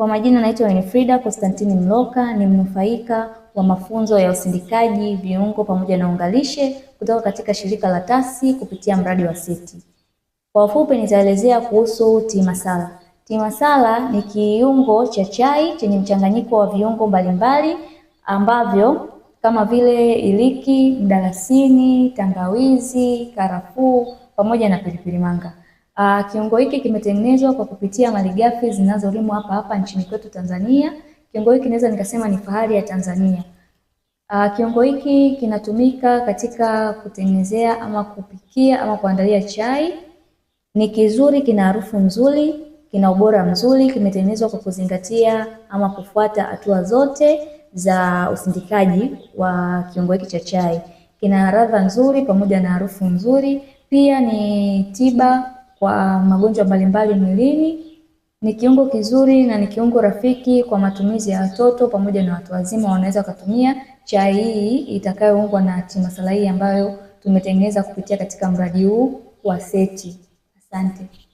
Kwa majina naitwa Winifrida Konstantini Mloka, ni mnufaika wa mafunzo ya usindikaji viungo pamoja na ungalishe kutoka katika shirika la TASI kupitia mradi wa SETI. Kwa ufupi nitaelezea kuhusu timasala. Timasala ni kiungo cha chai chenye mchanganyiko wa viungo mbalimbali ambavyo kama vile iliki, mdalasini, tangawizi, karafuu pamoja na pilipili manga. Uh, kiungo hiki kimetengenezwa kwa kupitia malighafi zinazolimwa hapa hapa nchini kwetu Tanzania. Kiungo hiki naweza nikasema ni fahari ya Tanzania. Uh, kiungo hiki kinatumika katika kutengenezea ama kupikia ama kuandalia chai. Ni kizuri, kina harufu nzuri, kina ubora mzuri, kimetengenezwa kwa kuzingatia ama kufuata hatua zote za usindikaji wa kiungo hiki cha chai. Kina ladha nzuri pamoja na harufu nzuri, pia ni tiba kwa magonjwa mbalimbali mwilini. Ni kiungo kizuri na ni kiungo rafiki kwa matumizi ya watoto pamoja na watu wazima, wanaweza wakatumia chai hii itakayoungwa na timasalai ambayo tumetengeneza kupitia katika mradi huu wa SETI. Asante.